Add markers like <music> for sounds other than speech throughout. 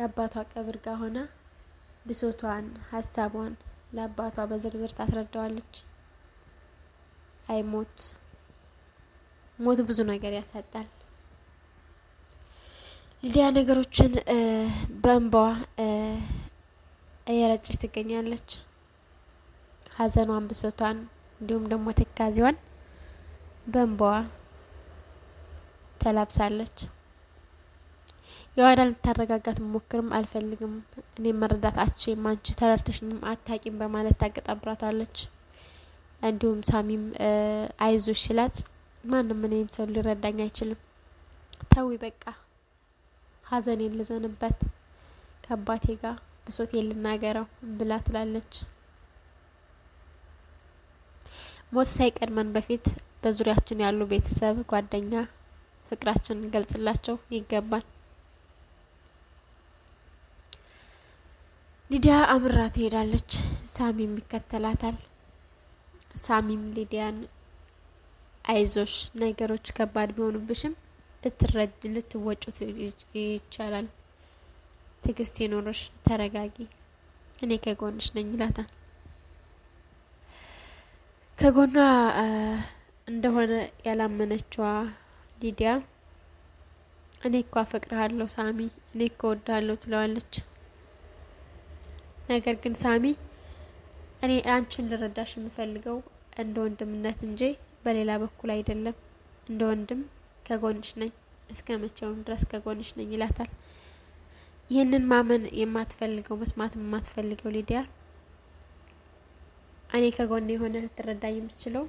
የአባቷ ቀብር ጋር ሆና ብሶቷን፣ ሀሳቧን ለአባቷ በዝርዝር ታስረዳዋለች። አይ ሞት ሞት ብዙ ነገር ያሳጣል። ሊዲያ ነገሮችን በእንባዋ እየረጨች ትገኛለች። ሐዘኗን፣ ብሶቷን እንዲሁም ደግሞ ትካዜዋን በእንባዋ ተላብሳለች። የዋዳ ልታረጋጋት ሞክርም አልፈልግም። እኔ መረዳት አችም አንቺ ተረድተሽኝም አታቂም በማለት ታቀጣብራታለች። እንዲሁም ሳሚም አይዞሽ ሲላት ማንም እኔም ሰው ሊረዳኝ አይችልም፣ ተዊ በቃ ሀዘኔን ልዘንበት ከአባቴ ጋር ብሶቴ ልናገረው ብላ ትላለች። ሞት ሳይቀድመን በፊት በዙሪያችን ያሉ ቤተሰብ፣ ጓደኛ ፍቅራችንን ገልጽላቸው ይገባል። ሊዲያ አምራ ትሄዳለች። ሳሚም ይከተላታል። ሳሚም ሊዲያን አይዞሽ፣ ነገሮች ከባድ ቢሆኑብሽም ልትረጅ ልትወጩ ይቻላል። ትግስት ይኖርሽ፣ ተረጋጊ፣ እኔ ከጎንሽ ነኝ ይላታል። ከጎኗ እንደሆነ ያላመነችዋ ሊዲያ እኔ እኮ አፈቅርሃለሁ ሳሚ፣ እኔ እኮ ወዳለሁ ትለዋለች። ነገር ግን ሳሚ እኔ አንቺን ልረዳሽ የምፈልገው እንደ ወንድምነት እንጂ በሌላ በኩል አይደለም። እንደ ወንድም ከጎንሽ ነኝ፣ እስከ መቼውም ድረስ ከጎንሽ ነኝ ይላታል። ይህንን ማመን የማትፈልገው መስማት የማትፈልገው ሊዲያ እኔ ከጎን የሆነ ልትረዳኝ የምችለው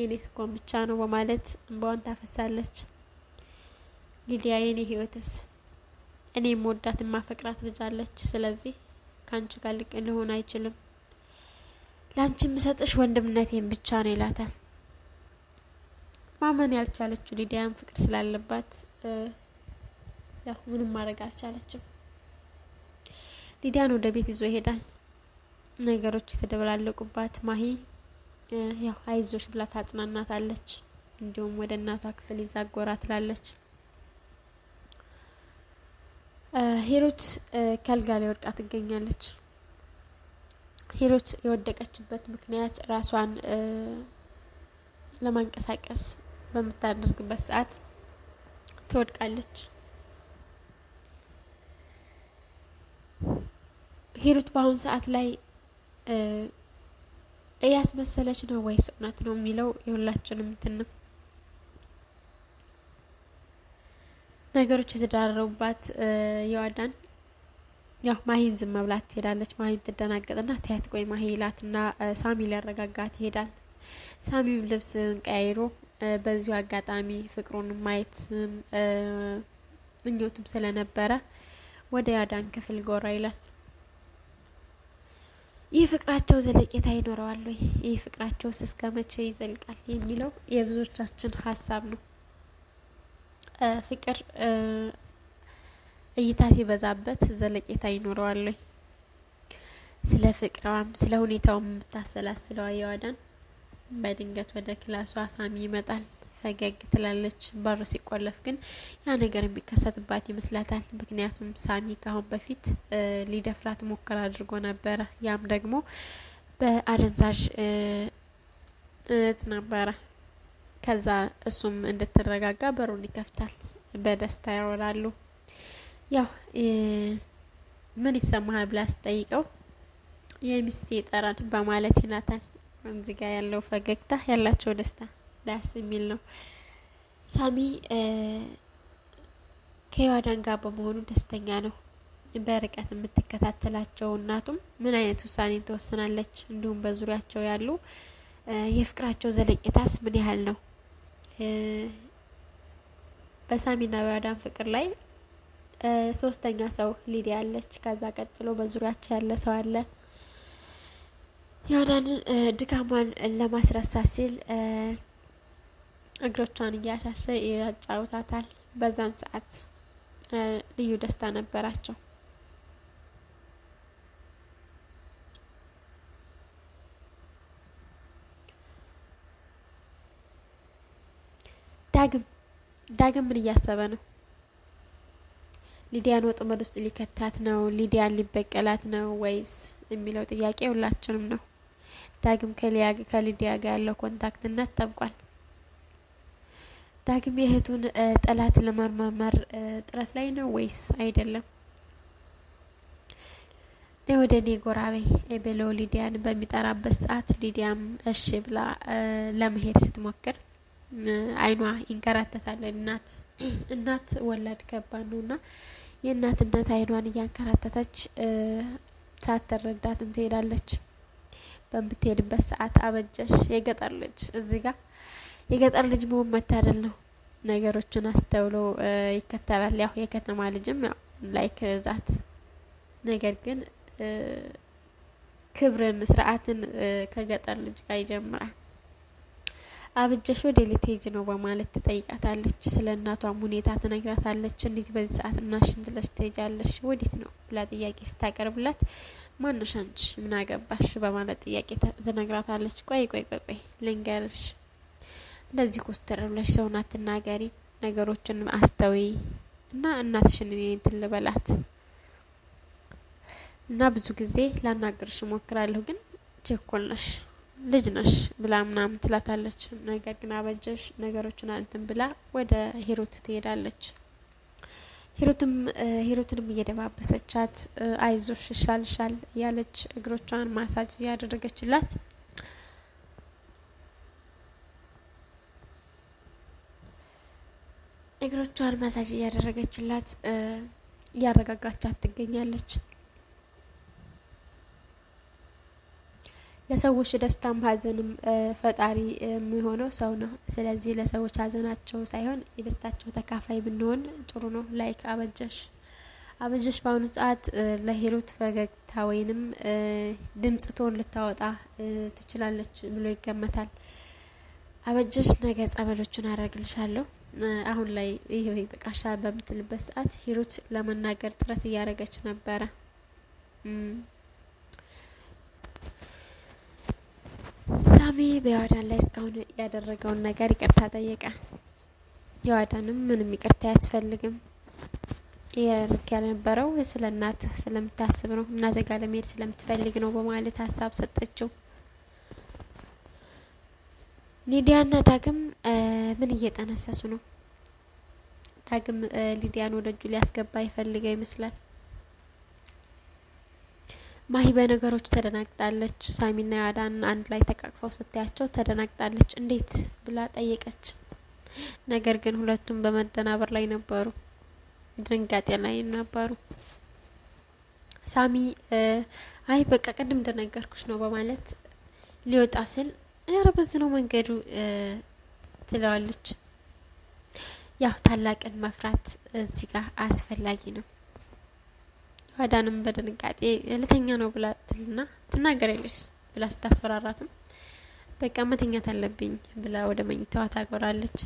የኔ ስኮን ብቻ ነው በማለት እንባዋን ታፈሳለች። ሊዲያ የኔ ህይወትስ እኔ የምወዳት የማፈቅራት ልጃለች። ስለዚህ ከአንቺ ጋር ልቅ ሊሆን አይችልም። ለአንቺ የምሰጥሽ ወንድምነቴን ብቻ ነው ይላታል። ማመን ያልቻለችው ሊዲያን ፍቅር ስላለባት ያው ምንም ማድረግ አልቻለችም። ሊዲያን ወደ ቤት ይዞ ይሄዳል። ነገሮች የተደበላለቁባት ማሂ ያው አይዞሽ ብላ ታጽናናታለች። እንዲሁም ወደ እናቷ ክፍል ይዛጎራ ትላለች። ሂሩት ከአልጋ ላይ ወድቃ ትገኛለች። ሂሩት የወደቀችበት ምክንያት ራሷን ለማንቀሳቀስ በምታደርግበት ሰዓት ትወድቃለች። ሂሩት በአሁኑ ሰዓት ላይ እያስመሰለች ነው ወይስ እውነት ነው የሚለው የሁላችንም እንትን ነው። ነገሮች የተደራረቡባት የዋዳን ያው ማሂን ዝም መብላት ትሄዳለች። ማሂን ትደናገጥና ትያት ቆይ ማሂ ይላትና ሳሚ ሊያረጋጋት ይሄዳል። ሳሚም ልብስ እንቀያይሮ በዚሁ አጋጣሚ ፍቅሩን ማየት ምኞቱም ስለነበረ ወደ ያዳን ክፍል ጎራ ይላል። ይህ ፍቅራቸው ዘለቄታ ይኖረዋል ወይ? ይህ ፍቅራቸውስ እስከ መቼ ይዘልቃል? የሚለው የብዙዎቻችን ሀሳብ ነው። ፍቅር እይታ ሲበዛበት ዘለቄታ ይኖረዋለኝ። ስለ ፍቅሯም ስለ ሁኔታውም የምታሰላስለው አየዋዳን በድንገት ወደ ክላሷ ሳሚ ይመጣል። ፈገግ ትላለች። በር ሲቆለፍ ግን ያ ነገር የሚከሰትባት ይመስላታል። ምክንያቱም ሳሚ ካሁን በፊት ሊደፍራት ሞከር አድርጎ ነበረ። ያም ደግሞ በአደንዛዥ እጽ ነበረ። ከዛ እሱም እንድትረጋጋ በሩን ይከፍታል። በደስታ ያወራሉ። ያው ምን ይሰማሃል ብላ ስጠይቀው የሚስቴ ጠረን በማለት ይናታል። እዚህ ጋ ያለው ፈገግታ ያላቸው ደስታ ደስ የሚል ነው። ሳሚ ከዮአዳን ጋር በመሆኑ ደስተኛ ነው። በርቀት የምትከታተላቸው እናቱም ምን አይነት ውሳኔ ትወስናለች፣ እንዲሁም በዙሪያቸው ያሉ የፍቅራቸው ዘለቄታስ ምን ያህል ነው በሳሚና በአዳም ፍቅር ላይ ሶስተኛ ሰው ሊዲያ አለች። ከዛ ቀጥሎ በዙሪያቸው ያለ ሰው አለ። ያዳን ድካሟን ለማስረሳት ሲል እግሮቿን እያሻሸ ያጫውታታል። በዛን ሰዓት ልዩ ደስታ ነበራቸው። ዳግም ዳግም ምን እያሰበ ነው? ሊዲያን ወጥመድ ውስጥ ሊከታት ነው? ሊዲያን ሊበቀላት ነው ወይስ የሚለው ጥያቄ ሁላችንም ነው። ዳግም ከሊዲያ ጋር ያለው ኮንታክትነት ጠብቋል። ዳግም የእህቱን ጠላት ለማርማመር ጥረት ላይ ነው ወይስ አይደለም? ወደ እኔ ጎራቤ ብሎ ሊዲያን በሚጠራበት ሰዓት ሊዲያም እሺ ብላ ለመሄድ ስትሞክር አይኗ ይንከራተታል። እናት <clears throat> እናት ወላድ ከባድ ነው እና የእናትነት አይኗን እያንከራተተች ሳትረዳትም ትሄዳለች። በምትሄድበት ሰዓት አበጀሽ የገጠር ልጅ እዚህ ጋር የገጠር ልጅ መሆን መታደል ነው። ነገሮችን አስተውሎ ይከተላል። ያው የከተማ ልጅም ያው ላይክ ዛት ነገር ግን ክብርን፣ ስርዓትን ከገጠር ልጅ ጋር ይጀምራል። አብጀሽ ወደ ሌት ነው በማለት ትጠይቃታለች። ስለ እናቷም ሁኔታ ትነግራታለች። እንዴት በዚህ ሰዓት እናሽን ትለሽ ትሄጃለሽ? ወዴት ነው ብላ ጥያቄ ስታቀርብላት ማነሽ አንቺ ምን አገባሽ በማለት ጥያቄ ትነግራታለች። ቆይ ቆይ ቆይ ቆይ ልንገርሽ፣ እንደዚህ ኮስተር ብለሽ ሰውን አትናገሪ፣ ነገሮችን አስተዊ እና እናትሽን እኔን ትልበላት እና ብዙ ጊዜ ላናግርሽ እሞክራለሁ ግን ቸኮል ነሽ ልጅ ነሽ ብላ ምናምን ትላታለች። ነገር ግን አበጀሽ ነገሮችን እንትን ብላ ወደ ሂሩት ትሄዳለች። ሂሩትም ሂሩትንም እየደባበሰቻት አይዞሽ ይሻልሻል እያለች እግሮቿን ማሳጅ እያደረገችላት እግሮቿን ማሳጅ እያደረገችላት እያረጋጋቻት ትገኛለች። ለሰዎች ደስታም ሀዘንም ፈጣሪ የሚሆነው ሰው ነው። ስለዚህ ለሰዎች ሀዘናቸው ሳይሆን የደስታቸው ተካፋይ ብንሆን ጥሩ ነው። ላይክ አበጀሽ አበጀሽ በአሁኑ ሰዓት ለሂሩት ፈገግታ ወይንም ድምጽ ቶን ልታወጣ ትችላለች ብሎ ይገመታል። አበጀሽ ነገ ጸበሎቹን አረግልሻለሁ። አሁን ላይ ይህ በቃሻ በምትልበት ሰዓት ሂሩት ለመናገር ጥረት እያደረገች ነበረ። ሳሚ በዮአዳን ላይ እስካሁን ያደረገውን ነገር ይቅርታ ጠየቀ። ዮአዳንም ምንም ይቅርታ አያስፈልግም ያደርግ ያልነበረው ስለ እናት ስለምታስብ ነው፣ እናት ጋር ለመሄድ ስለምትፈልግ ነው በማለት ሀሳብ ሰጠችው። ሊዲያና ዳግም ምን እየጠነሰሱ ነው? ዳግም ሊዲያን ወደ እጁ ሊያስገባ ይፈልገ ይመስላል። ማሂ በነገሮች ተደናግጣለች። ሳሚና ያዳን አንድ ላይ ተቃቅፈው ስታያቸው ተደናግጣለች። እንዴት ብላ ጠየቀች። ነገር ግን ሁለቱም በመደናበር ላይ ነበሩ፣ ድንጋጤ ላይ ነበሩ። ሳሚ አይ በቃ ቅድም እንደነገርኩሽ ነው በማለት ሊወጣ ሲል ኧረ ነው መንገዱ ትለዋለች። ያው ታላቅን መፍራት እዚህ ጋር አስፈላጊ ነው። አዳንም በድንጋጤ ልተኛ ነው ብላ ትልና ትናገራለች ብላ ስታስፈራራትም በቃ መተኛት አለብኝ ብላ ወደ መኝታዋ ታጎራለች።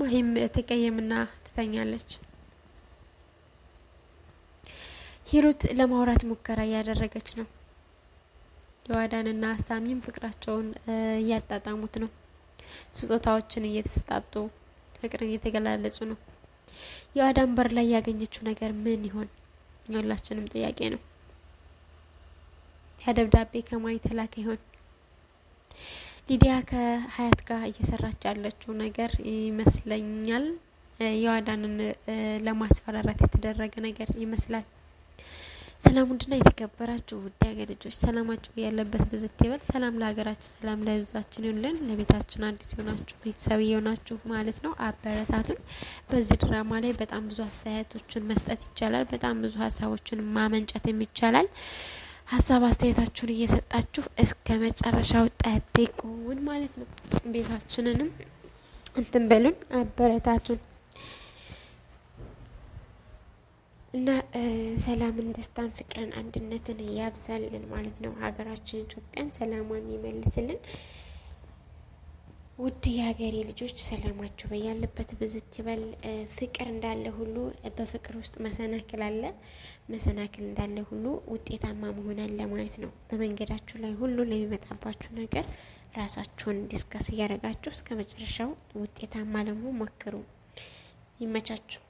ማሂም ትቀየምና ትተኛለች። ሂሩት ለማውራት ሙከራ እያደረገች ነው። የዋዳንና ሳሚም ፍቅራቸውን እያጣጣሙት ነው። ስጦታዎችን እየተሰጣጡ ፍቅርን እየተገላለጹ ነው። የዋዳን በር ላይ ያገኘችው ነገር ምን ይሆን? የሁላችንም ጥያቄ ነው። ያ ደብዳቤ ከማን የተላከ ይሆን? ሊዲያ ከሀያት ጋር እየሰራች ያለችው ነገር ይመስለኛል። የዋዳንን ለማስፈራራት የተደረገ ነገር ይመስላል። ሰላም ውድና የተከበራችሁ ውድ ሀገር ልጆች ሰላማችሁ ያለበት ብዝት ይበል። ሰላም ለሀገራችን፣ ሰላም ለህዝባችን ይሁንልን። ለቤታችን አዲስ የሆናችሁ ቤተሰብ የሆናችሁ ማለት ነው አበረታቱን። በዚህ ድራማ ላይ በጣም ብዙ አስተያየቶችን መስጠት ይቻላል። በጣም ብዙ ሀሳቦችን ማመንጨትም ይቻላል። ሀሳብ አስተያየታችሁን እየሰጣችሁ እስከ መጨረሻው ጠብቁን ማለት ነው። ቤታችንንም እንትን በሉን፣ አበረታቱን። እና ሰላምን፣ ደስታን፣ ፍቅርን፣ አንድነትን እያብዛልን ማለት ነው። ሀገራችን ኢትዮጵያን ሰላሟን ይመልስልን። ውድ የሀገሬ ልጆች ሰላማችሁ በያለበት ብዝት ይበል። ፍቅር እንዳለ ሁሉ በፍቅር ውስጥ መሰናክል አለ። መሰናክል እንዳለ ሁሉ ውጤታማ መሆን አለ ማለት ነው። በመንገዳችሁ ላይ ሁሉ ለሚመጣባችሁ ነገር ራሳችሁን ዲስከስ እያደረጋችሁ እስከ መጨረሻው ውጤታማ ለመሆን ሞክሩ። ይመቻችሁ።